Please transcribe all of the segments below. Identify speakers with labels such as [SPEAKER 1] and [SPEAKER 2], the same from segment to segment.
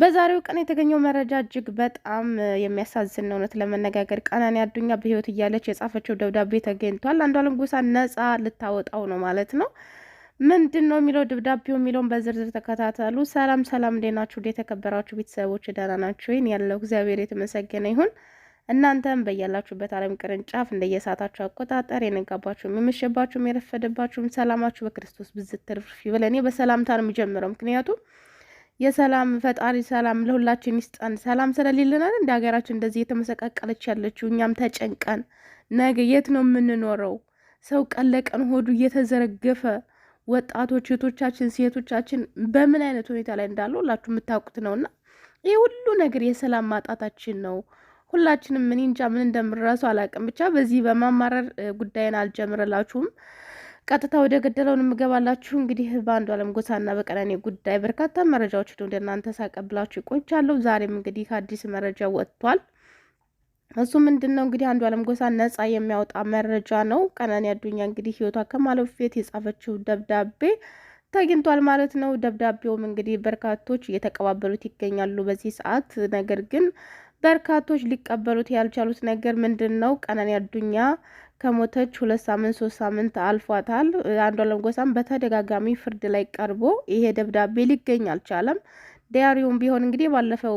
[SPEAKER 1] በዛሬው ቀን የተገኘው መረጃ እጅግ በጣም የሚያሳዝን ነው። እውነት ለመነጋገር ቀናኒ አዱኛ በህይወት እያለች የጻፈችው ደብዳቤ ተገኝቷል። አንዷለም ጎሳ ነጻ ልታወጣው ነው ማለት ነው። ምንድን ነው የሚለው ደብዳቤው የሚለውን በዝርዝር ተከታተሉ። ሰላም ሰላም፣ እንዴት ናችሁ? የተከበራችሁ ቤተሰቦች ደህና ናችሁ? ይህን ያለው እግዚአብሔር የተመሰገነ ይሁን። እናንተም በያላችሁበት ዓለም ቅርንጫፍ እንደየሰዓታችሁ አቆጣጠር የነጋባችሁም የመሸባችሁም የረፈደባችሁም ሰላማችሁ በክርስቶስ ብዝት ትርፍ ይበል። በሰላምታ ነው የሚጀምረው ምክንያቱም የሰላም ፈጣሪ ሰላም ለሁላችን ይስጠን። ሰላም ስለሌለናል እንደ ሀገራችን እንደዚህ የተመሰቃቀለች ያለችው እኛም ተጨንቀን ነገ የት ነው የምንኖረው? ሰው ቀን ለቀን ሆዱ እየተዘረገፈ ወጣቶች እህቶቻችን፣ ሴቶቻችን በምን አይነት ሁኔታ ላይ እንዳለ ሁላችሁ የምታውቁት ነውና ይህ ሁሉ ነገር የሰላም ማጣታችን ነው። ሁላችንም እኔ እንጃ ምን እንደምረሱ አላውቅም። ብቻ በዚህ በማማረር ጉዳይን አልጀምረላችሁም። ቀጥታ ወደ ገደለውን የምገባላችሁ እንግዲህ በአንዷለም ጎሳና በቀነኔ ጉዳይ በርካታ መረጃዎች ወደ እናንተ ሳቀብላችሁ ቆይቻለሁ። ዛሬም እንግዲህ አዲስ መረጃ ወጥቷል። እሱ ምንድን ነው እንግዲህ አለም ጎሳ ነጻ የሚያወጣ መረጃ ነው። ቀነኔ አዱኛ እንግዲህ ህይወቷ ከማለፉ የጻፈችው ደብዳቤ ተገኝቷል ማለት ነው። ደብዳቤውም እንግዲህ በርካቶች እየተቀባበሉት ይገኛሉ በዚህ ሰዓት ነገር ግን በርካቶች ሊቀበሉት ያልቻሉት ነገር ምንድን ነው? ቀነኒ አዱኛ ከሞተች ሁለት ሳምንት ሶስት ሳምንት አልፏታል። አንዷለም ጎሳም በተደጋጋሚ ፍርድ ላይ ቀርቦ ይሄ ደብዳቤ ሊገኝ አልቻለም። ዲያሪውም ቢሆን እንግዲህ ባለፈው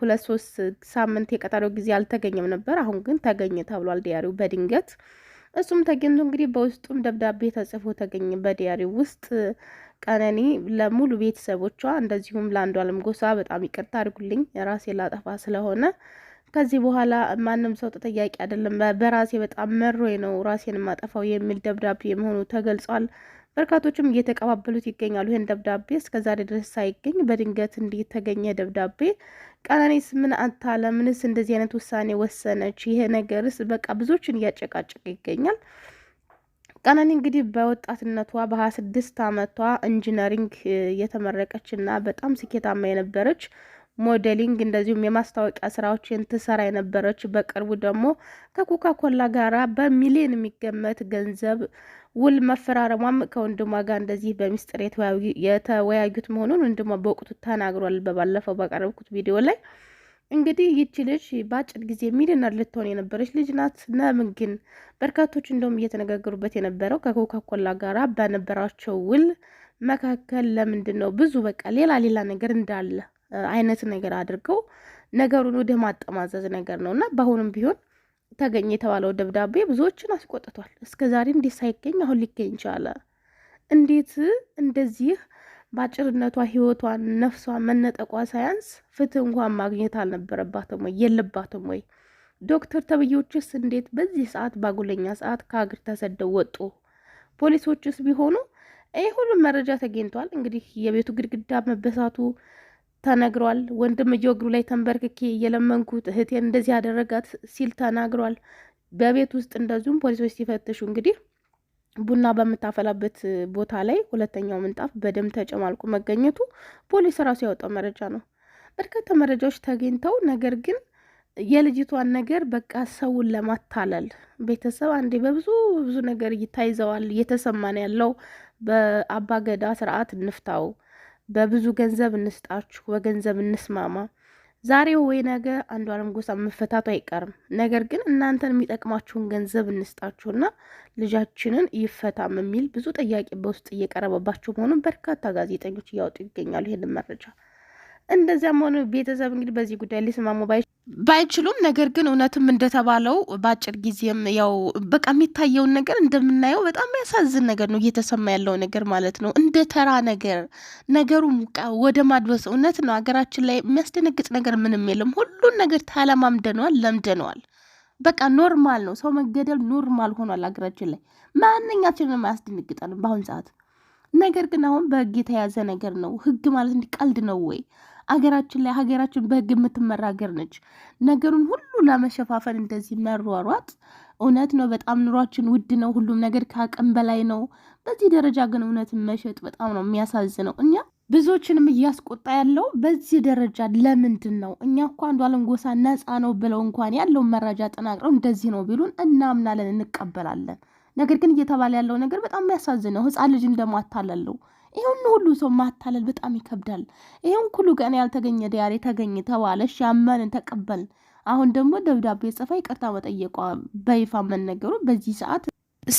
[SPEAKER 1] ሁለት ሶስት ሳምንት የቀጠሮ ጊዜ አልተገኘም ነበር። አሁን ግን ተገኘ ተብሏል። ዲያሪው በድንገት እሱም ተገኝቶ እንግዲህ በውስጡም ደብዳቤ ተጽፎ ተገኘ በዲያሪው ውስጥ ቀነኒ ለሙሉ ቤተሰቦቿ እንደዚሁም አለም ጎሳ በጣም ይቅርታ አድርጉልኝ ራሴ ላጠፋ ስለሆነ ከዚህ በኋላ ማንም ሰው ተጠያቂ አይደለም፣ በራሴ በጣም መሮኝ ነው ራሴን ማጠፋው የሚል ደብዳቤ መሆኑ ተገልጿል። በርካቶችም እየተቀባበሉት ይገኛሉ። ይህን ደብዳቤ እስከዛሬ ድረስ ሳይገኝ በድንገት እንዲህ ተገኘ ደብዳቤ። ቀነኒስ ምን አታ ለምንስ እንደዚህ አይነት ውሳኔ ወሰነች? ይሄ ነገርስ በቃ ብዙዎችን እያጨቃጨቀ ይገኛል። ቀነኒ እንግዲህ በወጣትነቷ በ26 ዓመቷ ኢንጂነሪንግ የተመረቀች እና በጣም ስኬታማ የነበረች ሞዴሊንግ እንደዚሁም የማስታወቂያ ስራዎችን ትሰራ የነበረች በቅርቡ ደግሞ ከኮካ ኮላ ጋራ በሚሊዮን የሚገመት ገንዘብ ውል መፈራረሟም ከወንድሟ ጋር እንደዚህ በሚስጥር የተወያዩት መሆኑን ወንድሟ በወቅቱ ተናግሯል። በባለፈው ባቀረብኩት ቪዲዮ ላይ እንግዲህ ይቺ ልጅ በአጭር ጊዜ ሚሊዮነር ልትሆን የነበረች ልጅ ናት። ለምን ግን በርካቶች እንደውም እየተነጋገሩበት የነበረው ከኮካኮላ ጋራ በነበራቸው ውል መካከል ለምንድን ነው ብዙ በቃ ሌላ ሌላ ነገር እንዳለ አይነት ነገር አድርገው ነገሩን ወደ ማጠማዘዝ ነገር ነው እና በአሁኑም ቢሆን ተገኘ የተባለው ደብዳቤ ብዙዎችን አስቆጥቷል። እስከ ዛሬ እንዴት ሳይገኝ አሁን ሊገኝ ቻለ? እንዴት እንደዚህ በአጭርነቷ ህይወቷን ነፍሷ መነጠቋ ሳያንስ ፍትህ እንኳን ማግኘት አልነበረባትም ወይ የለባትም ወይ? ዶክተር ተብዮችስ እንዴት በዚህ ሰዓት ባጉለኛ ሰዓት ከሀገር ተሰደው ወጡ? ፖሊሶችስ ቢሆኑ ይህ ሁሉም መረጃ ተገኝቷል። እንግዲህ የቤቱ ግድግዳ መበሳቱ ተነግሯል። ወንድምየው እግሩ ላይ ተንበርክኬ እየለመንኩት እህቴን እንደዚህ ያደረጋት ሲል ተናግሯል። በቤት ውስጥ እንደዚሁም ፖሊሶች ሲፈትሹ እንግዲህ ቡና በምታፈላበት ቦታ ላይ ሁለተኛው ምንጣፍ በደም ተጨማልቆ መገኘቱ ፖሊስ ራሱ ያወጣው መረጃ ነው። በርካታ መረጃዎች ተገኝተው ነገር ግን የልጅቷን ነገር በቃ ሰውን ለማታለል ቤተሰብ አንዴ በብዙ ብዙ ነገር ይታይዘዋል። እየተሰማን ያለው በአባገዳ ስርዓት እንፍታው፣ በብዙ ገንዘብ እንስጣችሁ፣ በገንዘብ እንስማማ ዛሬው ወይ ነገ አንዷለም ጎሳ መፈታቱ አይቀርም። ነገር ግን እናንተን የሚጠቅማችሁን ገንዘብ እንስጣችሁና ልጃችንን ይፈታም የሚል ብዙ ጥያቄ በውስጥ እየቀረበባቸው መሆኑን በርካታ ጋዜጠኞች እያወጡ ይገኛሉ ይህንን መረጃ እንደዚያም ሆነ ቤተሰብ እንግዲህ በዚህ ጉዳይ ሊስማሙ ባይችሉም ነገር ግን እውነትም እንደተባለው በአጭር ጊዜም ያው በቃ የሚታየውን ነገር እንደምናየው በጣም ያሳዝን ነገር ነው እየተሰማ ያለው ነገር ማለት ነው። እንደ ተራ ነገር ነገሩ ወደ ማድበስ እውነት ነው። ሀገራችን ላይ የሚያስደነግጥ ነገር ምንም የለም። ሁሉን ነገር ታለማምደነዋል፣ ለምደነዋል። በቃ ኖርማል ነው። ሰው መገደል ኖርማል ሆኗል ሀገራችን ላይ ማንኛችንም አያስደነግጠንም በአሁን ሰዓት ነገር ግን አሁን በህግ የተያዘ ነገር ነው። ህግ ማለት እንዲቀልድ ነው ወይ? ሀገራችን ላይ ሀገራችን በህግ የምትመራ ሀገር ነች። ነገሩን ሁሉ ለመሸፋፈን እንደዚህ መሯሯጥ እውነት ነው። በጣም ኑሯችን ውድ ነው። ሁሉም ነገር ከአቅም በላይ ነው። በዚህ ደረጃ ግን እውነትን መሸጥ በጣም ነው የሚያሳዝነው። እኛ ብዙዎችንም እያስቆጣ ያለው በዚህ ደረጃ ለምንድን ነው? እኛ እኮ አንዷለም ጎሳ ነፃ ነው ብለው እንኳን ያለውን መረጃ ጠናቅረው እንደዚህ ነው ቢሉን እናምናለን፣ እንቀበላለን። ነገር ግን እየተባለ ያለው ነገር በጣም የሚያሳዝነው ህፃን ልጅ አታለለው። ይሄውን ሁሉ ሰው ማታለል በጣም ይከብዳል። ይሄውን ሁሉ ገና ያልተገኘ ዲያሪ ተገኘ ተባለ፣ ሻመንን ተቀበል። አሁን ደግሞ ደብዳቤ ጽፋ ይቅርታ መጠየቋ በይፋ መነገሩ በዚህ ሰዓት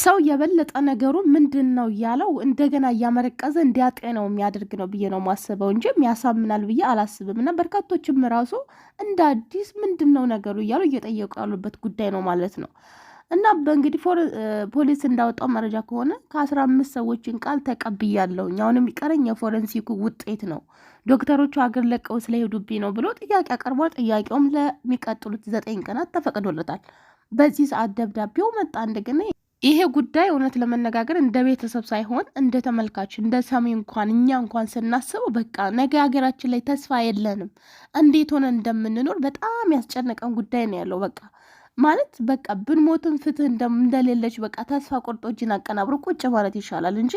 [SPEAKER 1] ሰው የበለጠ ነገሩ ምንድን ነው እያለው እንደገና እያመረቀዘ እንዲያጤነው የሚያደርግ ነው ብዬ ነው ማስበው እንጂ የሚያሳምናል ብዬ አላስብም። እና በርካቶችም ራሱ እንደ አዲስ ምንድን ነው ነገሩ እያሉ እየጠየቁ ያሉበት ጉዳይ ነው ማለት ነው። እና በእንግዲህ ፖሊስ እንዳወጣው መረጃ ከሆነ ከአስራ አምስት ሰዎችን ቃል ተቀብያለው አሁን የሚቀረኝ የፎረንሲኩ ውጤት ነው። ዶክተሮቹ ሀገር ለቀው ስለሄዱብኝ ነው ብሎ ጥያቄ አቀርቧል። ጥያቄውም ለሚቀጥሉት ዘጠኝ ቀናት ተፈቅዶለታል። በዚህ ሰዓት ደብዳቤው መጣ። እንደገና ይሄ ጉዳይ እውነት ለመነጋገር እንደ ቤተሰብ ሳይሆን እንደ ተመልካች እንደ ሰሚ እንኳን እኛ እንኳን ስናስበው በቃ ነገ ሀገራችን ላይ ተስፋ የለንም እንዴት ሆነ እንደምንኖር በጣም ያስጨነቀን ጉዳይ ነው ያለው በቃ ማለት በቃ ብንሞትም ፍትህ እንደሌለች በቃ ተስፋ ቆርጦ እጅን አቀናብሮ ቁጭ ማለት ይሻላል እንጂ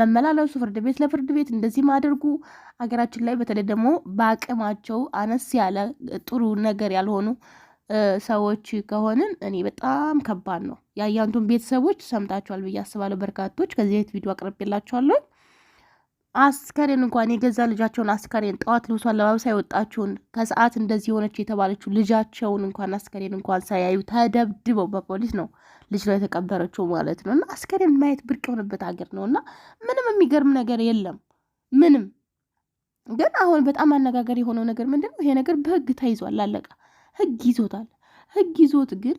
[SPEAKER 1] መመላለሱ ፍርድ ቤት ለፍርድ ቤት እንደዚህ ማድርጉ ሀገራችን ላይ በተለይ ደግሞ በአቅማቸው አነስ ያለ ጥሩ ነገር ያልሆኑ ሰዎች ከሆንን እኔ በጣም ከባድ ነው። የአያንቱን ቤተሰቦች ሰምታችኋል ብዬ አስባለሁ። በርካቶች ከዚህ ቤት ቪዲዮ አቅርቤላችኋለሁ። አስከሬን እንኳን የገዛ ልጃቸውን አስከሬን ጠዋት ልብሷን ለማብሳ የወጣችውን ከሰዓት እንደዚህ የሆነች የተባለችው ልጃቸውን እንኳን አስከሬን እንኳን ሳያዩ ተደብድበው በፖሊስ ነው ልጅ ነው የተቀበረችው ማለት ነው። እና አስከሬን ማየት ብርቅ የሆነበት ሀገር ነው እና ምንም የሚገርም ነገር የለም ምንም። ግን አሁን በጣም አነጋገር የሆነው ነገር ምንድን ነው? ይሄ ነገር በህግ ተይዟል፣ አለቀ። ህግ ይዞታል። ህግ ይዞት ግን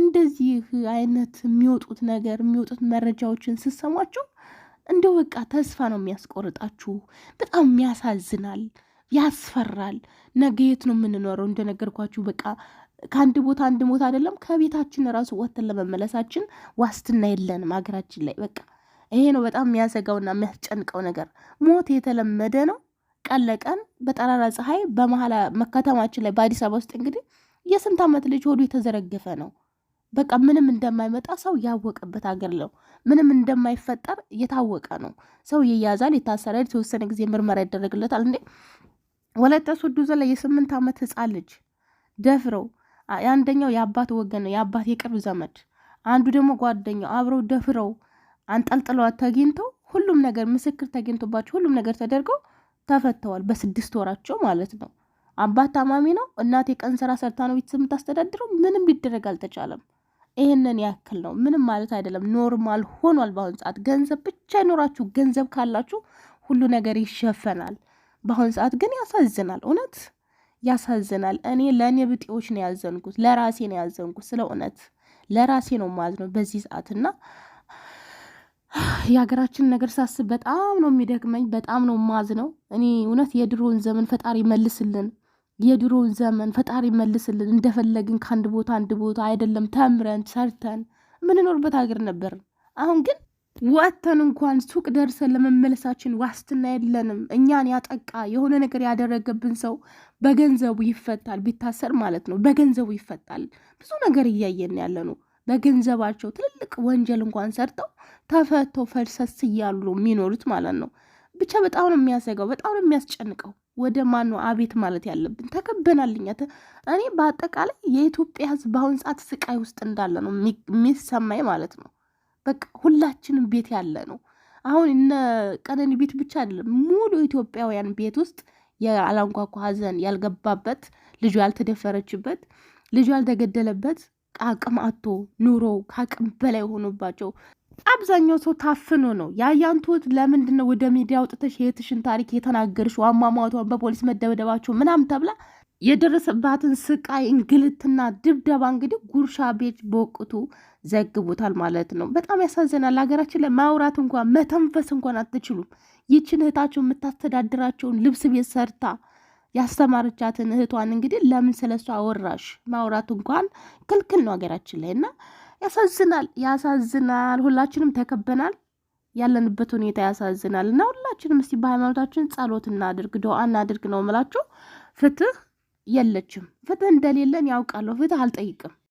[SPEAKER 1] እንደዚህ አይነት የሚወጡት ነገር የሚወጡት መረጃዎችን ስሰሟቸው እንደ በቃ ተስፋ ነው የሚያስቆርጣችሁ። በጣም የሚያሳዝናል፣ ያስፈራል። ነገ የት ነው የምንኖረው? እንደነገርኳችሁ በቃ ከአንድ ቦታ አንድ ቦታ አይደለም ከቤታችን ራሱ ወተን ለመመለሳችን ዋስትና የለንም ሀገራችን ላይ በቃ ይሄ ነው በጣም የሚያሰጋውና የሚያስጨንቀው ነገር። ሞት የተለመደ ነው። ቀን ለቀን በጠራራ ፀሐይ በመሀል ከተማችን ላይ በአዲስ አበባ ውስጥ እንግዲህ የስንት ዓመት ልጅ ሆዱ የተዘረገፈ ነው። በቃ ምንም እንደማይመጣ ሰው ያወቀበት ሀገር ነው። ምንም እንደማይፈጠር የታወቀ ነው። ሰው ይያዛል፣ ይታሰራል፣ የተወሰነ ጊዜ ምርመራ ይደረግለታል። እንዴ ወላይታ ሶዶ ዘላ የስምንት ዓመት ህፃን ልጅ ደፍረው የአንደኛው የአባት ወገን ነው የአባት የቅርብ ዘመድ፣ አንዱ ደግሞ ጓደኛው አብረው ደፍረው አንጠልጥለዋት ተገኝተው ሁሉም ነገር ምስክር ተገኝቶባቸው ሁሉም ነገር ተደርገው ተፈተዋል። በስድስት ወራቸው ማለት ነው። አባት ታማሚ ነው። እናት የቀን ስራ ሰርታ ነው ቤተሰብ የምታስተዳድረው። ምንም ሊደረግ አልተቻለም። ይህንን ያክል ነው። ምንም ማለት አይደለም። ኖርማል ሆኗል በአሁን ሰዓት። ገንዘብ ብቻ ይኖራችሁ፣ ገንዘብ ካላችሁ ሁሉ ነገር ይሸፈናል። በአሁን ሰዓት ግን ያሳዝናል፣ እውነት ያሳዝናል። እኔ ለእኔ ብጤዎች ነው ያዘንኩት፣ ለራሴ ነው ያዘንኩት። ስለ እውነት ለራሴ ነው ማለት ነው በዚህ ሰዓት እና የሀገራችን ነገር ሳስብ በጣም ነው የሚደክመኝ፣ በጣም ነው ማዝ ነው። እኔ እውነት የድሮን ዘመን ፈጣሪ መልስልን። የድሮውን ዘመን ፈጣሪ መልስልን። እንደፈለግን ከአንድ ቦታ አንድ ቦታ አይደለም ተምረን ሰርተን የምንኖርበት ሀገር ነበር። አሁን ግን ወጥተን እንኳን ሱቅ ደርሰን ለመመለሳችን ዋስትና የለንም። እኛን ያጠቃ የሆነ ነገር ያደረገብን ሰው በገንዘቡ ይፈታል፣ ቢታሰር ማለት ነው። በገንዘቡ ይፈታል። ብዙ ነገር እያየን ያለ ነው። በገንዘባቸው ትልልቅ ወንጀል እንኳን ሰርተው ተፈተው ፈልሰስ እያሉ የሚኖሩት ማለት ነው። ብቻ በጣም ነው የሚያሰጋው፣ በጣም ነው የሚያስጨንቀው። ወደ ማን ነው አቤት ማለት ያለብን? ተከበናልኛ። እኔ በአጠቃላይ የኢትዮጵያ ሕዝብ በአሁን ሰዓት ስቃይ ውስጥ እንዳለ ነው የሚሰማኝ ማለት ነው። በቃ ሁላችንም ቤት ያለ ነው። አሁን እነ ቀነኒ ቤት ብቻ አይደለም፣ ሙሉ ኢትዮጵያውያን ቤት ውስጥ ያላንኳኳ ሀዘን ያልገባበት ልጁ ያልተደፈረችበት ልጁ ያልተገደለበት አቅም አቶ ኑሮ ከአቅም በላይ ሆኖባቸው አብዛኛው ሰው ታፍኖ ነው ያያንቱት። ለምንድን ነው ወደ ሚዲያ አውጥተሽ የትሽን ታሪክ የተናገርሽ? አሟሟቷን፣ በፖሊስ መደብደባቸው ምናምን ተብላ የደረሰባትን ስቃይ እንግልትና ድብደባ እንግዲህ ጉርሻ ቤት በወቅቱ ዘግቦታል ማለት ነው። በጣም ያሳዝናል። ሀገራችን ላይ ማውራት እንኳን መተንፈስ እንኳን አትችሉም። ይችን እህታቸውን የምታስተዳድራቸውን ልብስ ቤት ሰርታ ያስተማረቻትን እህቷን እንግዲህ ለምን ስለሷ አወራሽ? ማውራት እንኳን ክልክል ነው ሀገራችን ላይ እና ያሳዝናል፣ ያሳዝናል። ሁላችንም ተከበናል። ያለንበት ሁኔታ ያሳዝናል እና ሁላችንም እስቲ በሃይማኖታችን ጸሎት እናድርግ፣ ዱዓ እናድርግ ነው የምላችሁ። ፍትህ የለችም። ፍትህ እንደሌለን ያውቃለሁ። ፍትህ አልጠይቅም